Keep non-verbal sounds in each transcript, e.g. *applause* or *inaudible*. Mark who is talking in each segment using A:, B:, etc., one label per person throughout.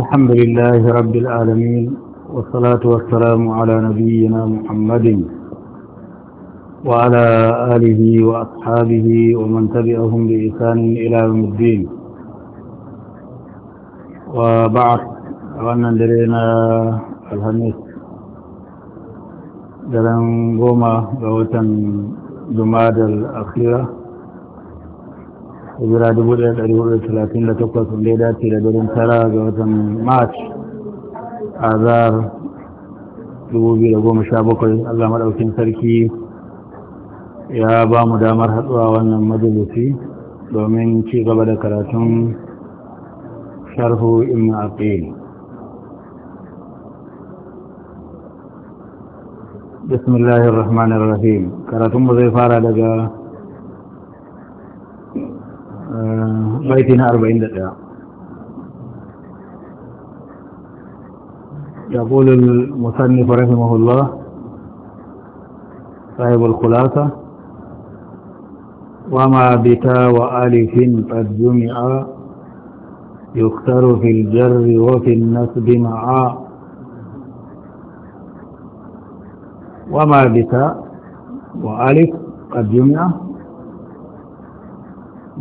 A: الحمد لله رب العالمين والصلاة والسلام على نبينا محمد وعلى آله وأصحابه ومن تبعهم بإحسان إلى يوم الدين وبعد أن درينا الهنيس درن قومة بوتن جماد الأخيرة hijira takwas wanda ya dace da daren tara ga watan march azar bakwai, allah maɗaukin sarki ya ba mu damar haɗuwa wannan majalisi domin ci gaba da karatun sharhu in aqil بسم الله الرحمن الرحيم كراتم زي فارا بيتنا أربعين دقيقة يقول المصنف رحمه الله صاحب الخلاصة وما بتا وألف قد جمع يختار في الجر وفي النسب معا وما بتا وألف قد جمع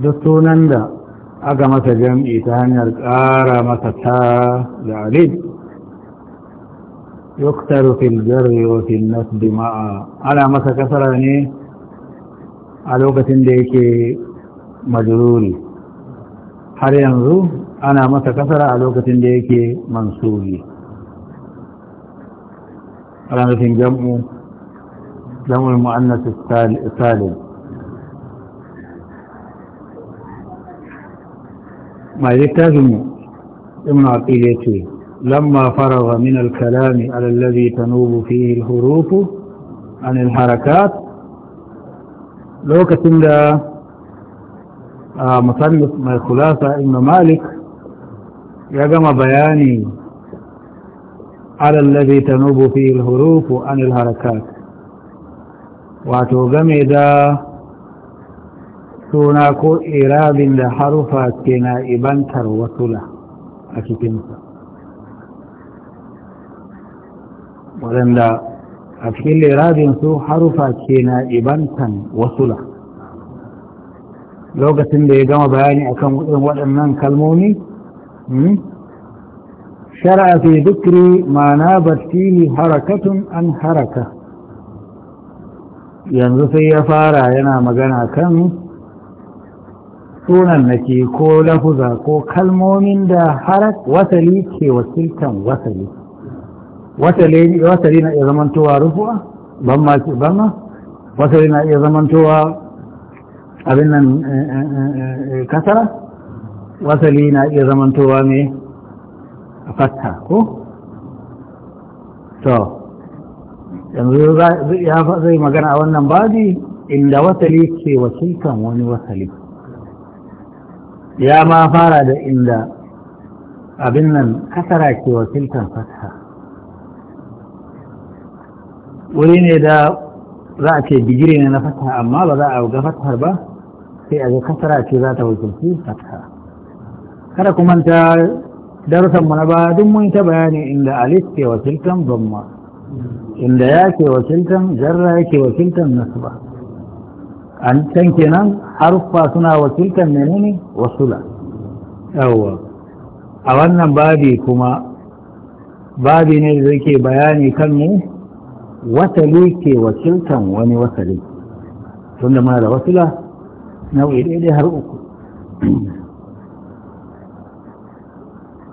A: دستونا aka masa jam'i ta hanyar ƙara masa ta da alif yuktaru fil jarri wa fil nasbi ma'a ana masa kasara ne a lokacin da yake majruri har yanzu ana masa kasara a lokacin da yake mansuri ana nufin jam'u jam'ul mu'annas salim مالك تازم ابن عطيليتي لما فرغ من الكلام على الذي تنوب فيه الحروف عن الحركات لو كتن دا آه، مصنف ما خلاصة ابن مالك يجمع بياني على الذي تنوب فيه الحروف عن الحركات واتو جميع suna ko irabin da harufa ke na ibantar wasula a cikinsa waɗanda a cikin lirabin su harufa ke na ibantan wasula lokacin da ya gama bayani akan waɗannan kalmomi شرع في ذكر ما نابت فيه حركة عن حركة ينظف يفارع ينا مغانا كم sunan nake ko lafuza ko kalmomin da harak wasali ke wasiltan wasali wasali na iya zamantowa rufuwa ban ma ce ban ma wasali na iya zamantowa abin nan eh, eh, eh, kasara wasali na iya zamantowa mai fatta ko? to yanzu ya zai magana a wannan babi inda wasali ke wasiltan wani wasali ya ma fara da inda abin nan kasara ke wakiltar fata wuri ne da za a ce digiri ne na fata amma ba za a ga fatar ba sai a ga kasara ce za ta wakilci fata kada kuma ta darsanmu na ba duk mun ta bayani inda alif ke wakiltar zamma inda ya ke wakiltan jarra ya ke wakiltan nasu ba an can kenan haruffa suna wakiltar menene wasula yawwa a wannan babi kuma babi ne da zai bayani kan ne wasali ke wakiltar wani wasali tunda da da wasula nau'i daidai har uku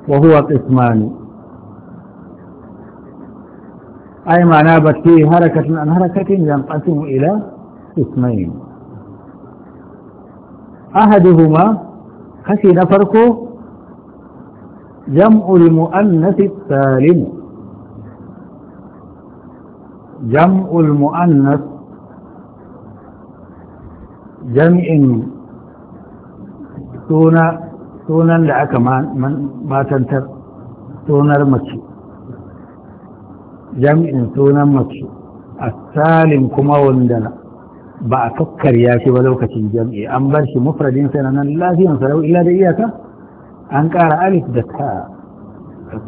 A: wahuwa قسمان Ai ما نابت batte حركة an حركة ينقسم ila قسمين ahaduhuma kashi na farko jam'ul mu'annasi mu'annas jam'in sunan da aka matantar sunar mace jam'in sunan mace a kuma wanda ba a kakkarya shi ba lokacin jam'i an bar shi mufradin sa nan lafiyan sarau ila da iyaka an ƙara alif da ta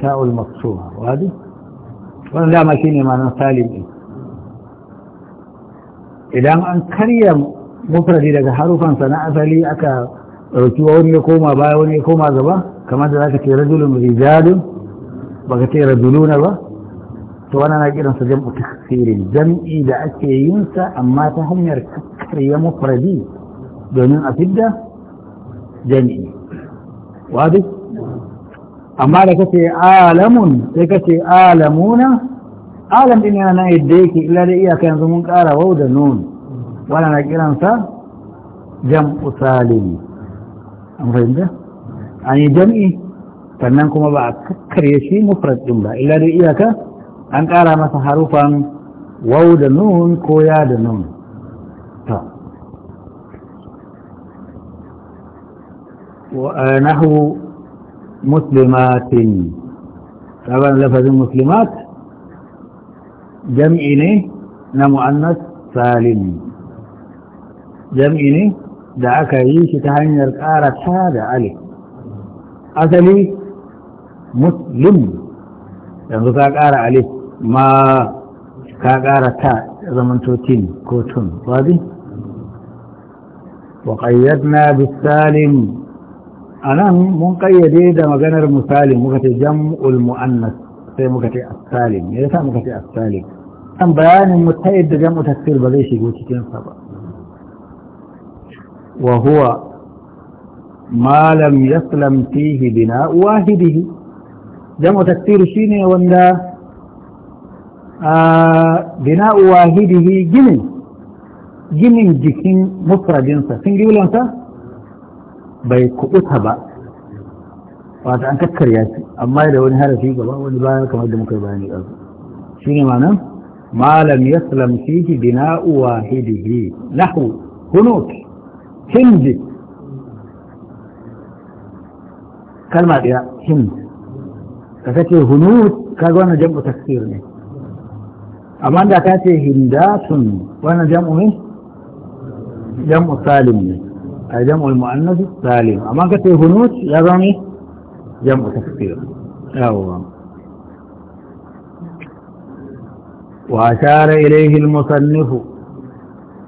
A: ta'ul maksuma wadi wannan dama shine ma'anar salim idan an karya mufradi daga sa na asali aka ɗauki wani ya koma baya wani ya koma gaba kamar da zaka ce rajulun ba baka ce rajuluna ba to wani na kiran sa jam'u takfirin jam'i da ake yin sa amma ta hanyar kakkarya mufradi domin a fidda jam'i wadi amma da kace alamun sai kace alamuna alam din yana nan da yake illa da iyaka yanzu mun kara wau da nun wani na kiran sa jam'u salimi an fahimta an yi jam'i sannan kuma ba a kakkarya shi mufrad ba illa da iyaka an ƙara masa harufan wau da nun ko ya da nun nahu muslimatin ɗaban lafazin muslimat jam'i ne na mu'annas salim jam'i ne da aka yi shi ta hanyar ƙara ta da alif asali muslim yanzu ka ƙara alif ma ka ƙara ta zamanto kotun ko tun wazi wa ƙayyadna bisalin a nan mun ƙayyade da maganar misalin muka ce jam'ul mu'annas sai muka ce asalin ya yasa muka ce asalin an bayanin mu ta yadda jam'u tafsir ba zai shigo cikinsa ba wa huwa ya لم يسلم فيه بناء واحده جمع shi ne wanda. آه، بناء واهده جنن جنن جسن مفرد سن جيبه لانتا باي كؤتها با وعطا ان تكر ياسي اما يلي وني هارا فيك با وني باي كما قد مكر باني شيني معنى ما لم يسلم فيه بناء واهده نحو هنوك هند كلمة يا هند فتاتي هنود كاغوانا جمع تكسير أما أنها كانت هندات وأنا جمع منه جمع سالم أي جمع المؤنث سالم أما أنها كانت هنوت لازم جمع إيه؟ تفكير وأشار إليه المصنف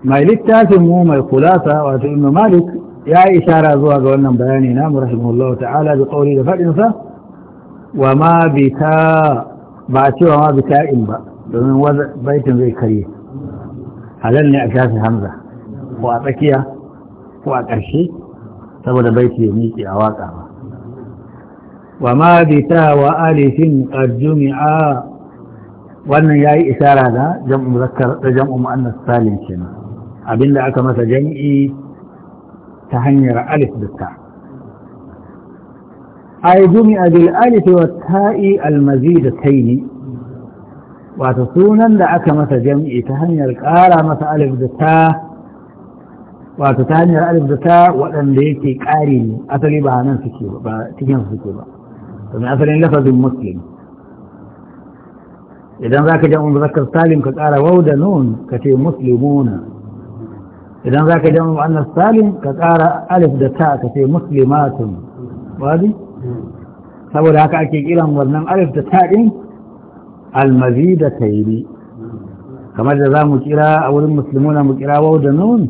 A: ما يلتاك الموم الخلاصة وأتم مالك يا إشارة ذوها قولنا بياني نام رحمه الله تعالى بقوله فإنسا وما بتاء باتوا وما بتاء بأ domin baitin zai karye halal ne a shafi hamza ko a tsakiya ko a ƙarshe saboda baiti ya miƙe a waƙa ba wa ma bi ta wa alifin wannan ya yi isara da jam'u zakkar da jam'u mu'annas salim kenan abinda aka masa jam'i ta hanyar alif da ta ay jumi'a bil alif wa ta'i da mazidatayn wato sunan da aka masa jam'i ta hanyar ƙara masa alif da ta wato ta hanyar alif da ta waɗanda yake ƙari ne asali ba nan suke ba cikin suke ba domin asalin lafazin muslim idan za ka jam'u muzakkar salim ka ƙara wau da nun ka ce muslimuna idan za ka jam'u annas salim ka ƙara alif da ta ka ce muslimatun wazi. saboda haka ake kiran wannan alif da ta din. almazida tairi kamar da za mu kira a wurin musulmuna mu kira wau da nun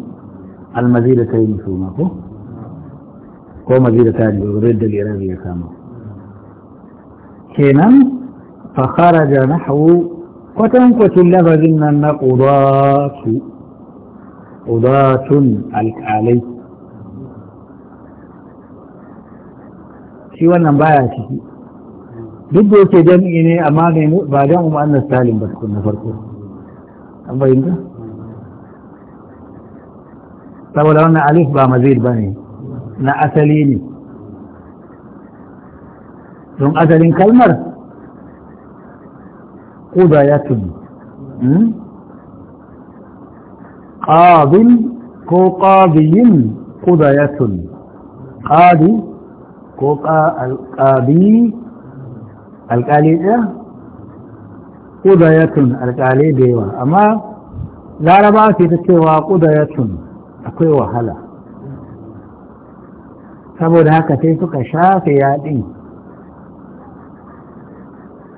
A: almazida tairi su ma ko ko mazida ta ne wurin da liran ya kama kenan fa kharaja nahwu kwatankwacin lafazin nan na qudatu qudatun alkalai shi wannan baya ciki duk da yake jam'i ne amma ne ba jam'u mu'annas salim ba tukun na farko an bayyana saboda wannan alif ba mazid ba ne na asali ne don asalin kalmar kuda ya tuni ƙadin hmm? ko ƙadiyin kuda ya tuni ƙadi ko ƙadi alƙali ɗaya tun alƙali da yawa amma laraba ce ta cewa tun akwai wahala saboda haka sai suka shafe yaɗin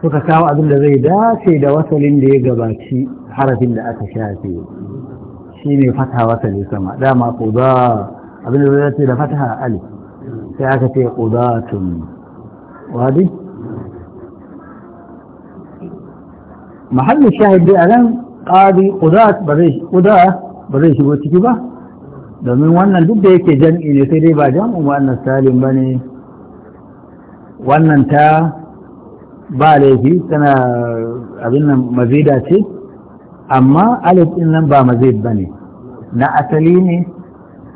A: suka kawo abin da zai dace da wasalin da ya gabaci harafin da aka shafe shi ne fata wasali sama dama ƙuda abin da zai dace da fata alif sai aka ce tun wadi mahallin shahid dai a nan ƙari ba zai shigo ciki ba domin wannan duk da yake jam'i ne sai dai ba jam'in wannan salim ba ne wannan ta ba laifi tana abin nan mazida ce amma alif ɗin nan ba mazid ba ne na asali ne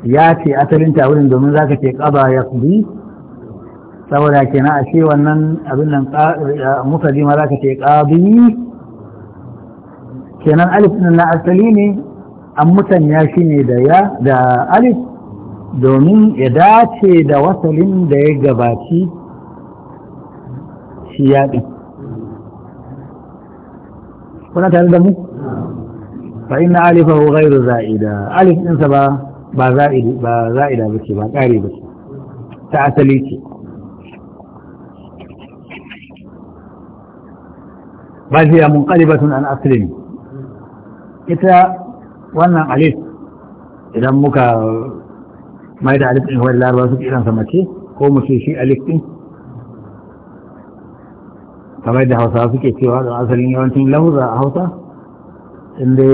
A: ya ce asalin tawurin domin za ka ce ƙaba ya saboda ke na ashe wannan abin nan muka ma za ka ce ƙabi kenan alif ɗin na asali ne an mutanya shi ne da ya da alif domin ya dace da wasalin da ya gabaci shi yaɗi. kuna tare da mu fa inna alifahu ghairu za'ida alif ɗinsa ba ba za'ida ba za'ida bace ba ƙare bace ta asali ce ba hiya munqalibatun an aslin ita wannan alif idan muka mai da alif ɗin wadda larabar suke irin mace ko mace shi alif ɗin kamar da hausa suke cewa da asalin yawancin lahuza a hausa inda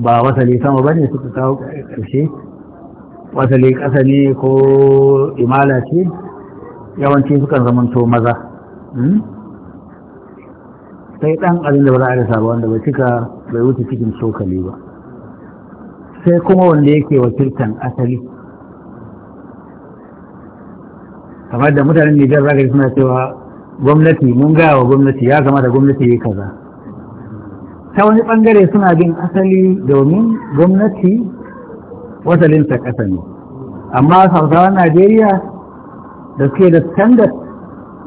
A: ba wasali sama ba ne suka kawo ƙarshe wasali ƙasa ne ko imala ce yawanci sukan zamanto maza hmm? sai ɗan abin da ba za a rasa ba wanda bai cika bai wuce cikin cokali ba sai kuma wanda yake wakiltan asali kamar da mutanen Nijar zaka suna cewa gwamnati mun gaya wa gwamnati ya da gwamnati ya kaza ta wani bangare suna bin asali domin gwamnati wasalinsa ƙasa ne amma sausawan Najeriya da suke da standard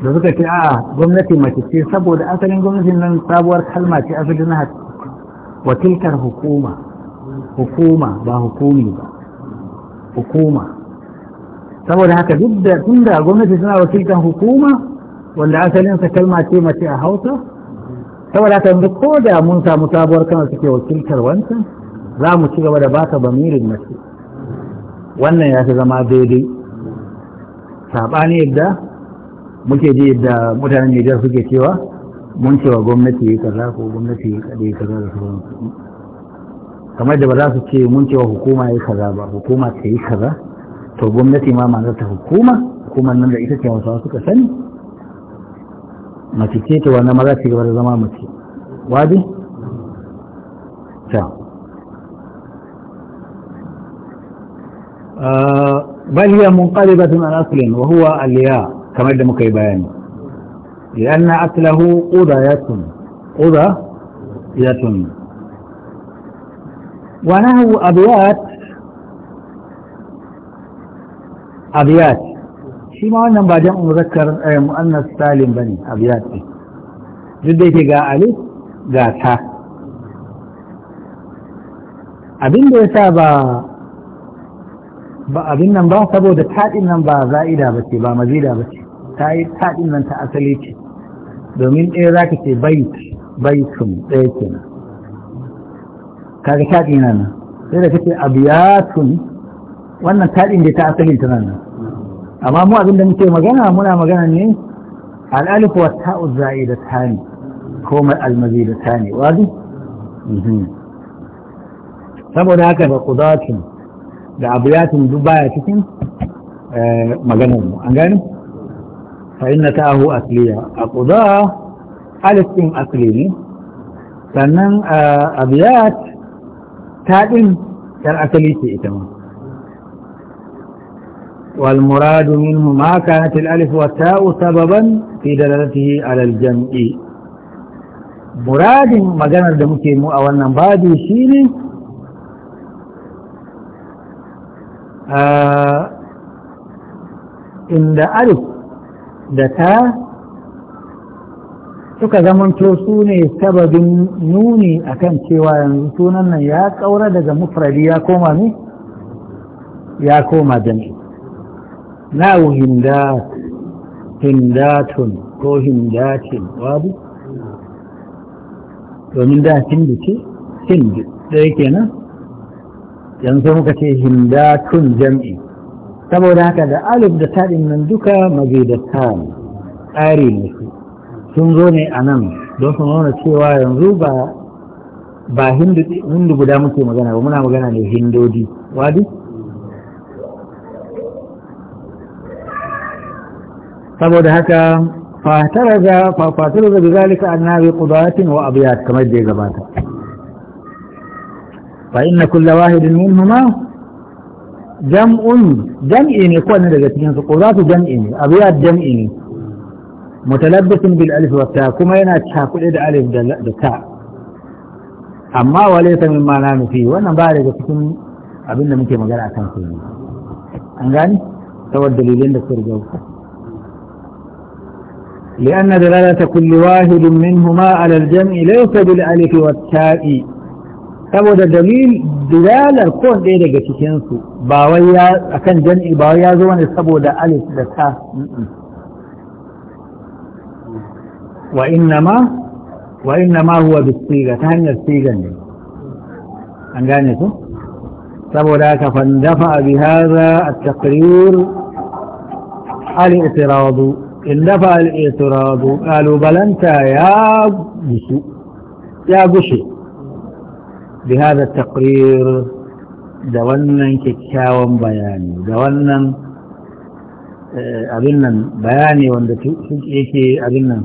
A: da suka ce a gwamnati mace ce saboda asalin gwamnatin nan sabuwar kalma ce asalin na wakiltar hukuma hukuma ba hukumi ba hukuma saboda haka duk da tunda gwamnati suna wakiltar hukuma wanda asalin sa kalma ce mace a hausa saboda haka yanzu ko da mun samu sabuwar kalma suke wakiltar wancan za mu ci gaba da baka bamirin mace wannan ya fi zama daidai saɓani yadda muke ji da mutanen Nijar suke cewa mun cewa gwamnati ya kaza ko gwamnati ya kaɗe kaza da sauransu kamar da ba za su ce mun cewa hukuma ya kaza ba hukuma ta yi kaza to gwamnati ma ma ta hukuma hukumar nan da ita ce wasu suka sani mace ce ta wannan maza ci gaba da zama mace wadi ta بل هي منقلبة عن أصل وهو الياء كما يجب مكيبان لأن أكله قضى يتن قضى يتن ونهو أبيات أبيات شي ما أنهم بعدين مذكر آه، مؤنث سالم بني أبيات جدي في قائلي قاتها أبين دي سابا أبين نمبا سابو دتحال إن نمبا زائدة بتي با مزيدة بتي ta yi taɗin nan ta asali ce domin ɗaya za ka ce bait baitun ɗaya nan. kaga taɗi na nan sai da kace abiyatun wannan taɗin da ta asalin ta nan amma mu abin da muke magana muna magana ne al'alif wa ta'u za'ida tani ko da ta ne, wazi mhm. saboda haka da qudatun da abiyatun duk baya cikin eh, maganar mu an gani فإن تاه أكلية القضاء ألف إن أكليني sannan abiyat taɗin ‘yan asali ce ita ma والمراد منهما كانت الألف والتاء سببا في دلالته على الجمع مراد مجانا دمكي مؤولا بادي شيني آه إن ألف da ta suka zamanto su ne sababin nuni akan cewa yanzu sunan nan ya kaura daga mufradi ya koma ne ya koma jami na hinda hindatun ko hindatun wabu domin da hindi ce da ɗaya kenan yanzu muka ce hindatun jam'i saboda haka da alif da taɗin nan duka magidatta ne tsari ne su sun zo ne a nan don su nuna cewa yanzu ba ba hindu guda muke magana ba muna magana ne hindodi wadi saboda haka fatar da bi zalika nabi qudatin wa abiyat kamar da ya gabata fa inna kullu wahidin minhumma jam'un jam'i ne ko ne daga cikin su qurratu jam'i ne abiyat jam'i ne mutalabbisin bil alif wa ta kuma yana cakuɗe da alif da ta amma wale ta min ma na nufi wannan ba daga cikin abin da muke magana akan su ne an gani saboda dalilin da suka riga لأن دلالة كل واحد منهما على الجمع ليس بالألف والتاء saboda dalil bilalar ko ɗaya daga cikinsu ba wai ya akan jan'i ba wai ya zo ne saboda alif da ta wa innama wa innama huwa bisiga ta hanyar sigan ne an gane ku saboda haka fandafa bi hadha at-taqrir al-i'tirad in dafa al-i'tirad qalu balanta ya gushu ya gushu بهذا التقرير دولنا كتاوا بياني دولنا أبنا بياني وانده تيكي أبنا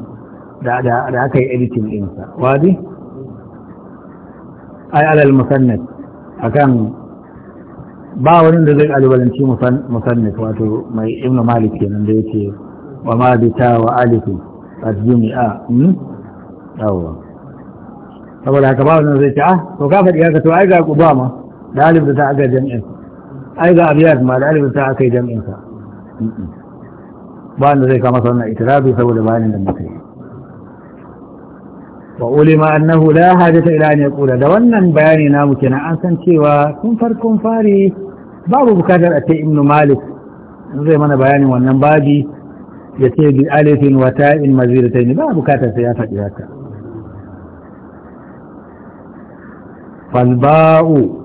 A: da da aka yi editin ɗinsa wadi ai alal musannif akan ba wani da zai alwalanci musannif wato mai ibnu malik kenan da yake wa ma bita wa alifu a hmm? yawwa saboda haka ba wannan zai ce ah to kafa faɗi haka to ai ga kuba ma da alif da ta aka jam'in ai ga abiyat ma da alif da ta aka yi jam'in sa ba wanda zai kama sannan itirabi saboda bayanin da muka yi wa ulima annahu la hajata ila an yaqula da wannan bayani namu kenan an san cewa tun farkon fari babu bukatar a ce ibnu malik zai mana bayanin wannan babi ya ce bi alifin wata wa ta'in maziratayn ba bukatar sai ya faɗi haka falba'u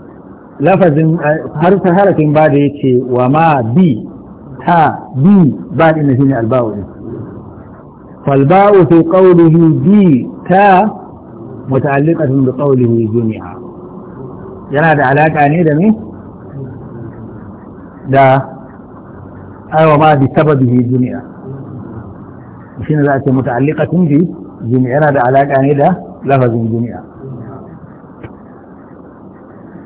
A: lafazin harfin harafin ba da yake wa ma bi ta bi ba din shi ne alba'u ne falba'u fi qawlihi bi ta muta'alliqatun bi qawlihi jumi'a yana da alaka ne da me da aiwa ma bi sababihi jami'a shine za a ce muta'alliqatun bi jumi'a yana da alaka ne da lafazin jumi'a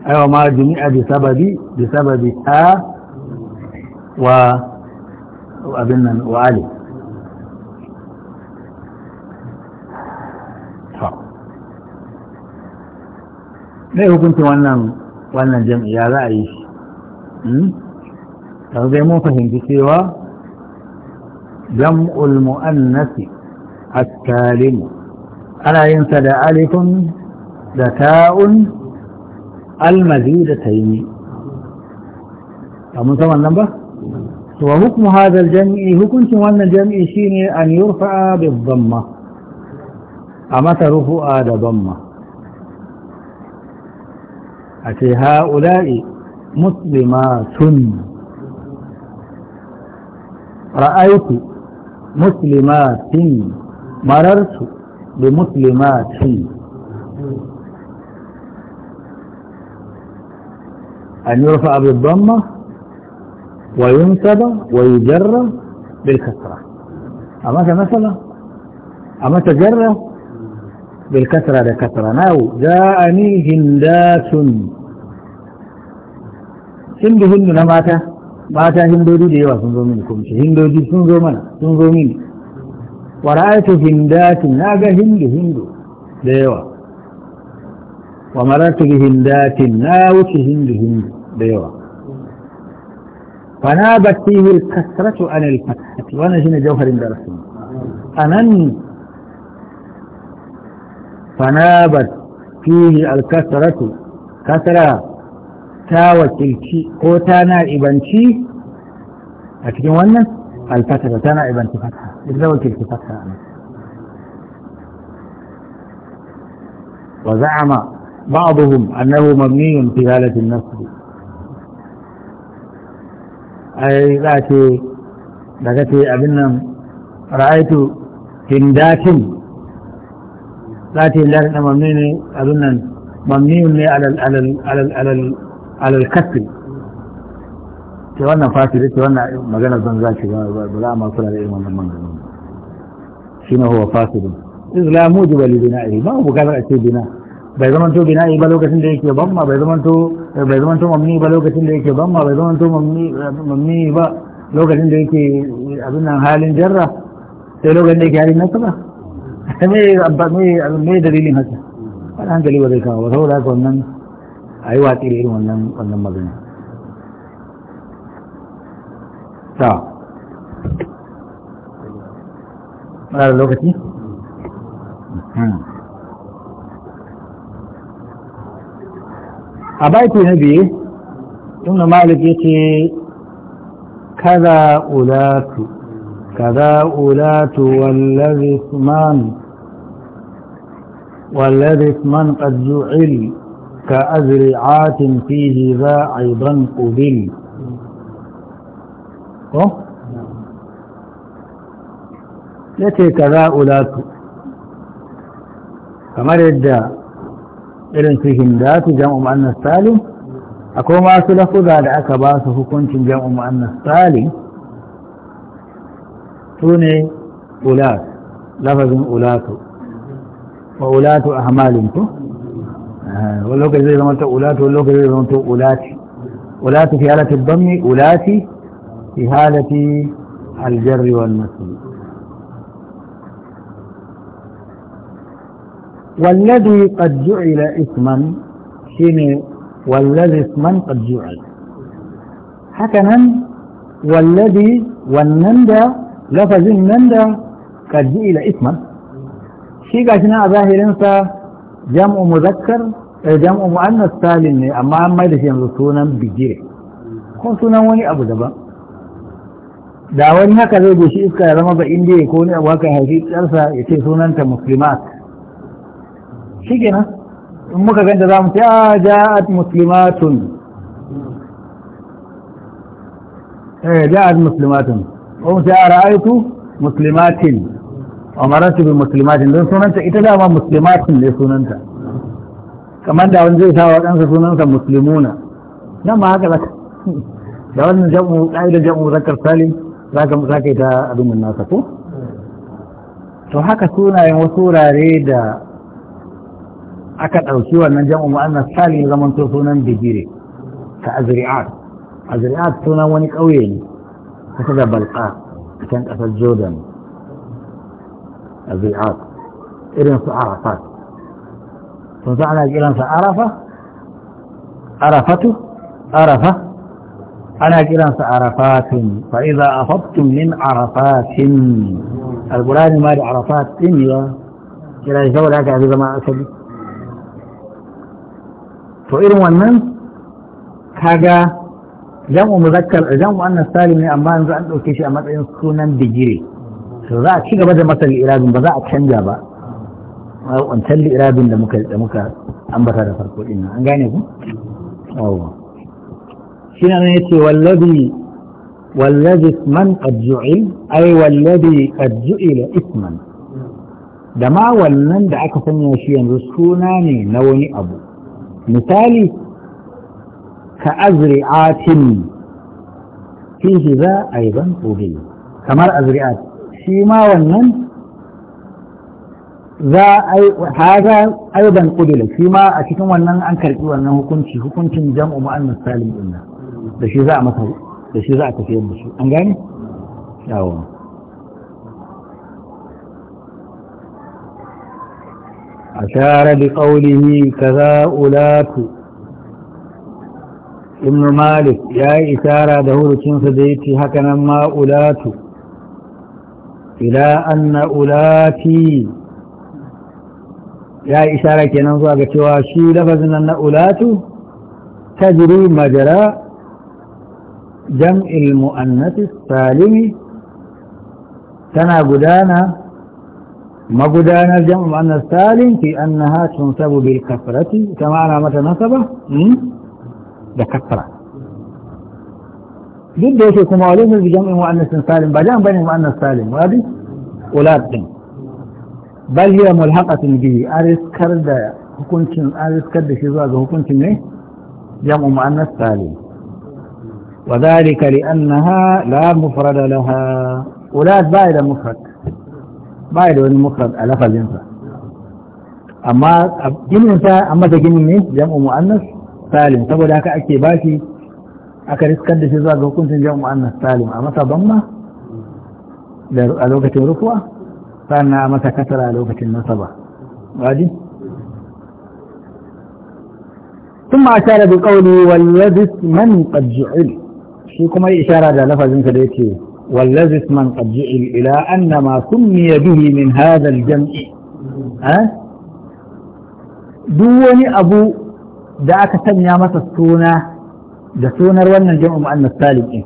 A: أيوة ما جميع بسبب بسبب آ و وأبن وعلي ف... ليه كنت وانا وانا جمع يا رأي هذا مو فهم بسيوا جمع المؤنث التالم ألا ينسى ألف ذكاء المزيدتين فمن ثم النبه وحكم هذا الجمع حكم وأن الجمع شين أن يرفع بالضمة أما ترفع ضمة أتي هؤلاء مسلمات رأيت مسلمات مررت بمسلمات أن يرفع بالضمة وينسب ويجر بالكسرة أما مثلا أما تجر بالكسرة لكسرة ناو جاءني هندات هند هند نماتا ماتا هندودي ديوا سنزو منكم هندودي سنزو منا سنزو مني ورأيت هندات ناقا هند هند ديوا ومررت بهندات ناوت هند هند بيضاء فنابت فيه الكسرة عن الفتحة ونجن جوهر عند رسول أمن فنابت فيه الكسرة كسرة تاوة تلكي قوتانا إبنتي أكدو أن الفتحة تانا إبنت فتحة إذا وكلت فتحة وزعم بعضهم أنه مبني في هالة النصر ai za ce daga ce abin nan ra'aitu hindakin za ce hindakin da mamni ne abin nan mamni ne alal kasri ce wannan fasiri ce wannan maganar zan za ki ba za a masu kula da irin wannan maganar shi ne huwa fasirin islamu jibali bina'i ba mu bukatar a ce bina'i bai zama to bina'i ba lokacin da yake ma bai zama to bai zama to mamni ba lokacin da yake ma bai zama to mamni mamni ba lokacin da yake abin nan halin jarra sai lokacin da yake halin nasaba *laughs* me me me dalilin haka wani hankali ba zai kawo ba saboda haka wannan a yi watsi da irin wannan wannan magana ta mara lokaci? Hmm. a baiti na biye ibn malik yake kaza ulatu kaza ulatu wallazi man wallazi man qad ju'il ka azri'atin fihi za aidan qubil ko yace kaza ulatu kamar yadda irin su hindatu jam'u mu'annas salim akwai masu lafuza da aka ba su hukuncin jam'u mu'annas salim su ne ulat lafazin ulatu wa ulatu ahmalin ko wani lokaci zai zama ta ulatu wani lokaci zai zama ta ulati ulati fi halati dhammi ulati fi halati aljarri wal nasl والذي قد جعل اسما شنو والذي اسما قد جعل حكما والذي والنندى لفظ النندى قد جعل اسما في قاشنا ظاهر انسى جمع مذكر جمع مؤنث سالم اما اما اذا كان سونا بجيه كون سونا وني ابو دبا da هكذا haka zai اندي يكون وكا zama ارسى inda ya koni abu shi kenan in muka ganta za mu ce a ah, ja'at muslimatun eh ja'ad muslimatun ko mu ce a ra'aitu muslimatin umaratu bi muslimatin don sunanta ita dama muslimatin ne sunanta kamar da wani zai sa wa kansa sunansa muslimuna nan ma haka zaka *laughs* da wannan jam'u ka'idar jam'u zakar salim zaka zaka ta abin nan nasa ko to haka sunayen wasu wurare da aka ɗauki wannan jam'u mu'annas salim zaman to sunan bijire ka azri'at azri'at sunan wani ƙauye ne kusa da balqa a can ƙasar jordan azri'at irin su arafat sun sa ana kiran sa arafa arafatu arafa ana kiran sa arafatin fa idza afadtum min arafatin alqur'ani ma da arafat din ya kira shi saboda haka zama asali to irin wannan kaga jam'u muzakkar mu annas salim ne amma yanzu an dauke shi a matsayin sunan digire to za a ci gaba da masa irabin ba za a canja ba wancan irabin da muka da muka ambata da farko din an gane ku yawa shine ne yace wallabi wallabi man qad ju'il ay wallabi qad ju'ila isman da ma wannan da aka sanya shi yanzu suna ne na wani abu misali ka atin fihi za a yi ban ubi kamar azri'at shi ma wannan za a yi haza aiban kudula shi ma a cikin wannan an karɓi wannan hukunci hukuncin jam'u mu'annas salim din da shi za a masa da shi za a tafiyar da shi an gane yawa أشار بقوله كذا أولات ابن مالك يا إشارة دهور كنس ديتي هكذا ما أولات إلى أن أولاتي ya yi ishara kenan zuwa ga cewa shi lafazin na ulatu Tajiri majara jam'il mu'annati salimi tana gudana مقدان الجمع أن السالم في أنها تنسب بالكفرة كما على متى نصبه بكفرة جد يشيكم أولئك بجمع مؤنس سالم بجمع بني مؤنس سالم وهذه أولاد بل هي ملحقة به أريس كرد حكمتم أريس في شزواج حكمتم إيه جمع مؤنس سالم وذلك لأنها لا مفرد لها أولاد بائدة مفرد ba da wani mufrad a lafazinsa amma gininsa an mata ginin ne jam'u mu'annas salim saboda haka ake bashi aka riskar da shi zuwa ga hukuncin jam'u mu'annas salim a masa bamma a lokacin rufuwa sannan a masa kasara a lokacin nasaba gaji ثم أشار بقوله والذي من قد جعل shi kuma ishara da lafazinsa da yake واللذس من قد جئل إلى أن ما سمي به من هذا الجمع ها دوني أبو دعك سنيا مسا السونة دسونة روانا الجمع مؤنى السالم إيه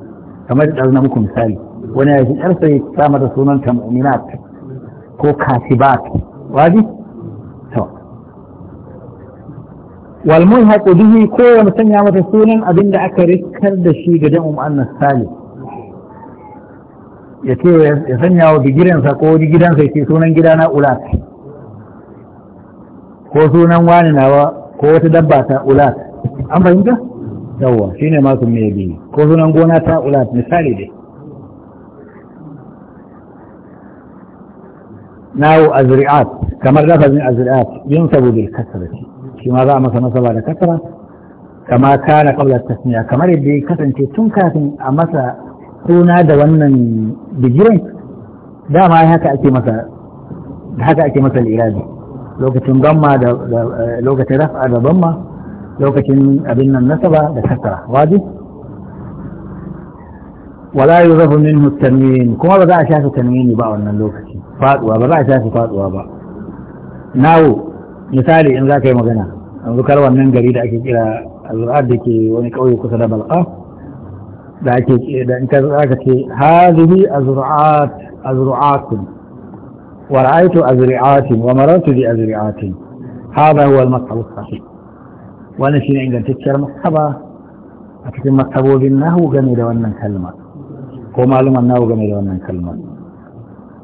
A: كما جدعنا مكم سالم وانا يجب أرسل إسلام رسولا كمؤمنات كو كاتبات واجه سوا به كو يوم سنيا مسا السونة أبين دعك ركر دشي جمع مؤنى السالم ya ce ya sanya wa bigiransa ko gidansa ya ce sunan gida na ulat ko sunan wani nawa ko wata dabba ta ulat an fahimta yawwa shine masu mai biyu ko sunan gona ta ulat misali dai nawo azri'at kamar lafazin azri'at yin saboda kasar shi ma za a masa masa ba da kasara kama kana qabla tasmiya kamar yadda ya kasance tun kafin a masa suna da wannan bigiran dama haka ake masa haka ake masa irabi lokacin gamma da lokacin rafa da gamma lokacin abin nan nasaba da kasara wajib wala yuzafu minhu tanwin kuma ba za a shafi tanwin ba wannan lokaci faduwa ba za a shafi faduwa ba nawo misali in za ka yi magana yanzu kar wannan gari da ake kira al'ad da ke wani kauye kusa da balqa da ake ce da in ka zaka ce hadhihi azru'at azru'atun wa ra'aytu azri'atin wa marartu bi azri'atin hada huwa al-mazhab sahih wannan shine ingantacciyar mazhaba a cikin mazhabobin nahu game da wannan kalma ko maluman nahu game da wannan kalma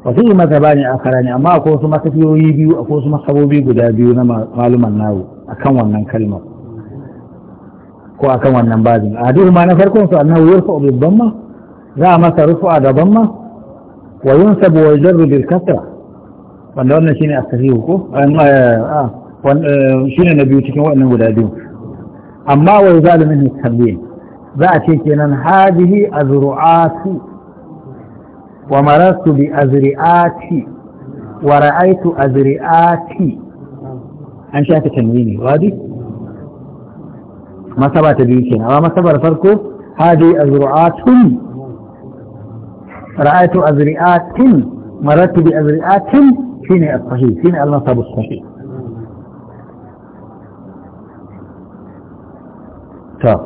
A: wa fi mazhabani akharani amma akwai wasu mazhabiyoyi biyu akwai wasu mazhabobi guda biyu na maluman nahu akan wannan kalmar ko akan wannan babin a hadisi ma na farkon su annahu yurfa bil damma za a masa rufa da damma wa yunsabu wa yujarru bil kasra wanda wannan shine asahihu ko a eh, ah, eh, shine na biyu cikin wannan guda biyu amma wa yuzalu minhu tabiyin za a ce kenan hadihi azru'atu wa marastu bi azri'ati wa ra'aytu azri'ati an shafe tanwini wadi ما ثبت بيكين أما ثبت فرقه هذه أذرعات هم رأيت أذرعات هم مرت بأذرعات هم فين الصحيح فين المصاب الصحيح طب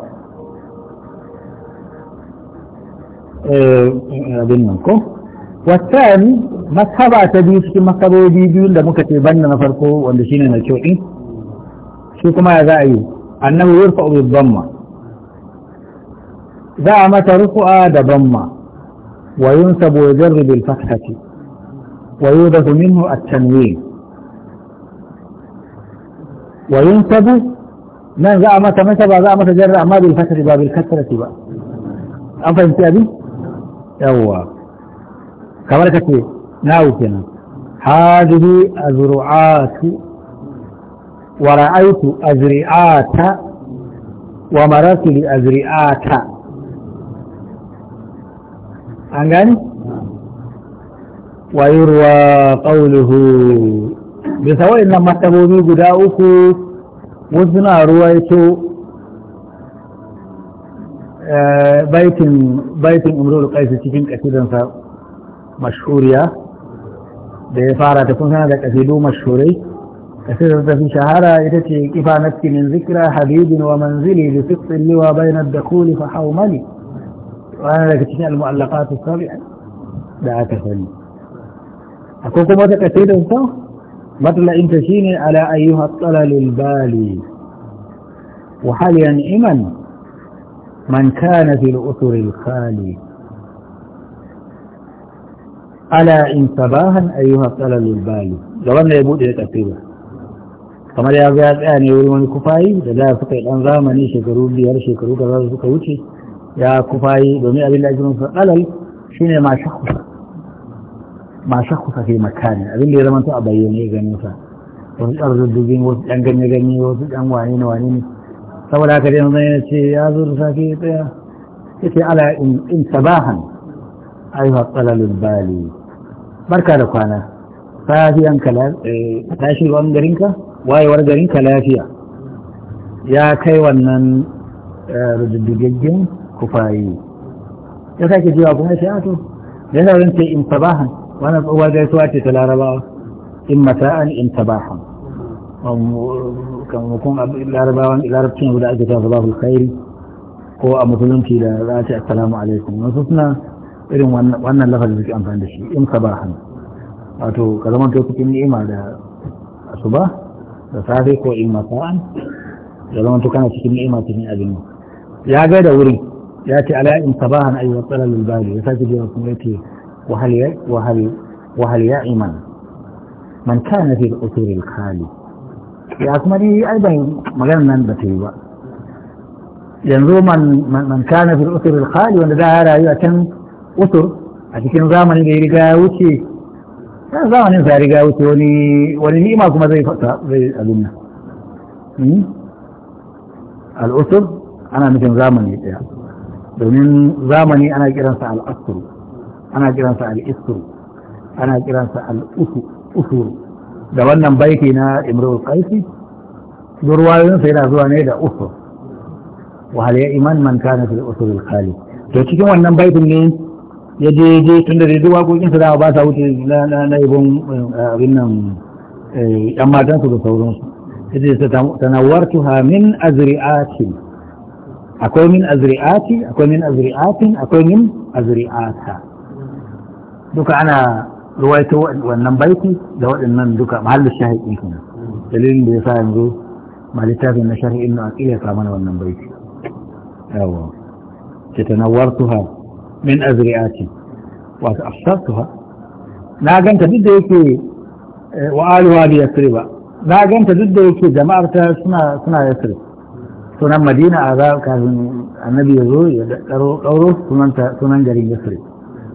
A: أه، أه، أبنكم والثاني ما ثبت بيكين ما ثبت بيكين لما كتبنا نفرقه وانده شين نتوعين شو كما يذا أيوه أنه يرفع بالضمة ذا متى رفع دضمة وينسب ويجر بالفتحة ويوجد منه التنوين وينسب من ذا متى نسب ذا متى جر ما بالفتحة بقى بالكثرة بقى أفهمت يا أبي؟ يوا كبركة ناو هذه الزرعات wa ra'aitu azri'ata wa marasili azri'ata an gani wa yurwa qawluhu bisa wa'annan matabobi guda uku wasu ruwa ruwaito baitin baitin umrul qais cikin kasidansa mashhuriya da ya fara ta kun sana da kasidu mashhurai في شهارة إتتي كفا نفسي من ذكرى حبيب ومنزلي بفق اللوى بين الدخول فحوملي وأنا لك تشاء المعلقات السابعة دعاك فلي أقول كما تكثير الصوت مطلع شيني على أيها الطلل البالي وحاليا ايمن من كان في الأسر الخالي ألا إن صباها أيها الطلل البالي لو أن يبود إلى kamar ya zo ya tsaya ne wurin wani kufayi da za suka yi dan zamani shekaru biyar shekaru za su suka wuce ya kufayi domin abin da ake musu alal shine ma shakusa ma shakusa fi makani abin da ya zama a bayyane ganin sa wasu ɗarzuddugin wasu ɗan ganye ganye wasu ɗan wane na wane ne saboda haka dai zai ce ya zo da safe ya tsaya ya ce ala in sabahan aiwa tsalalin bali barka da kwana safiyanka eh, tashiwan garinka wayewar garinka lafiya ya kai wannan eh, rududdugaggen kufayi ya sake jiwa kuma shi ato ah, ya sa zan ce in tabahan wannan tsohuwar gaisuwa ce ta larabawa in mata'an in tabahan kan hukun larabawan larabcin guda ake ta zaba khairi ko a musulunci da za a ce assalamu alaikum wasu suna irin wannan lafazin suke amfani da shi in tabahan wato ka tokutun to cikin ni'ima da asuba da safe ko in an, da zama tukana kana cikin ni'ima cikin abin ya ga da wuri ya ce ala in sabahan ayi wa tsara lulbari ya sake jiya kuma ya ce hal ya iman man kana fi al-usur ya kuma ni ai ban maganar nan ba ta yi ba yanzu man kana fi al-usur wanda za a rayu a can usur a cikin zamanin da ya riga ya wuce ɗan zamanin sa riga wuce wani wani ni'ima kuma zai fata zai alunna hmm? al'usur ana nufin zamani ɗaya domin zamani ana kiransa al'asur ana kiransa al'isur ana kiransa al'usuru da wannan baiki na imrul qaisi durwayoyinsa yana zuwa ne da usur wa hal ya iman man kana fil usul al khali to cikin wannan baitin ne ya je je tun da daidai waƙoƙinsa da ba sa wuce na yabon eh, abin nan ɗan eh, matansu da sauransu ya ce tanawartu ha min azri'atin akwai min azri'ati akwai min azri'atin akwai min azri'ata duka ana ruwaito wannan baiti da waɗannan duka mahallin shahidi kenan dalilin da ya sa yanzu ma littafin na shari'in na aƙila ya mana wannan baiti yawa ce tanawartu ha min azri'ati wato afsartuha na ganta duk da yake eh, wa aluwa bi yasriba na ganta duk da yake jama'ar ta suna suna yasrib sunan madina a za kafin annabi ya zo ya ɗauro sunan garin yasrib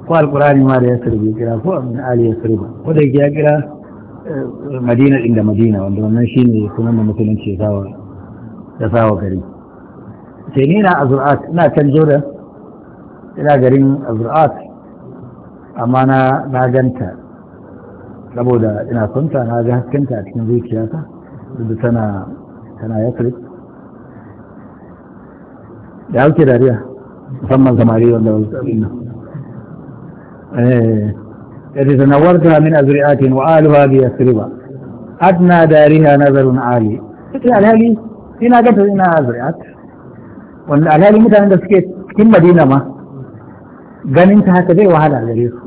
A: ko alkurani ma da yasrib ya kira ko min ali yasrib ko da ya kira eh, madina din da madina wanda wannan shine sunan da musulunci ya sawa gari sai ni na azur'at ina can jordan ina garin azra'at amma na ganta saboda ina kunta na ga haskenta a cikin zuciyata duk da tana tana yasrik da hauke dariya musamman samari wanda ba su abin nan yadda tanawarta min azri'atin wa aluha bi yasriba adna dariha nazarun ali sai alhali ina ganta ina azri'at wanda alhali mutanen da suke cikin madina ma ganin ta haka zai wahala gare su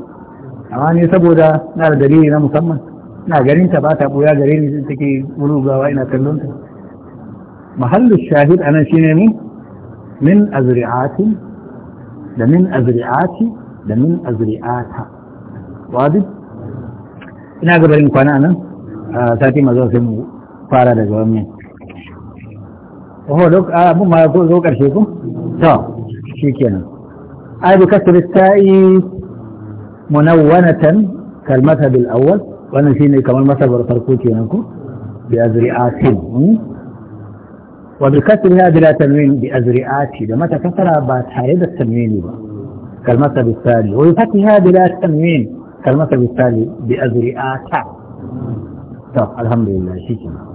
A: amma ne saboda na da dalili na musamman na ganin ta ba ta boya gare ni sun take burugawa ina kallon ta mahallu shahid anan shi ne min azri'ati da min azri'ati da min azri'ata wadi ina barin kwana nan sati mazo sai mu fara daga wannan oho duk abun ma zo karshe ko to shikenan أي بكسر التاء منونة كالمذهب الأول وأنا فيني كمان مثل ورسالكوتي ينكو بأزرعات هذا بلا تنوين بأزرعات لما تكسر بعد حائد التنوين كالمذهب الثاني هذا بلا تنوين كالمذهب الثاني بأزرعات طب الحمد لله شكرا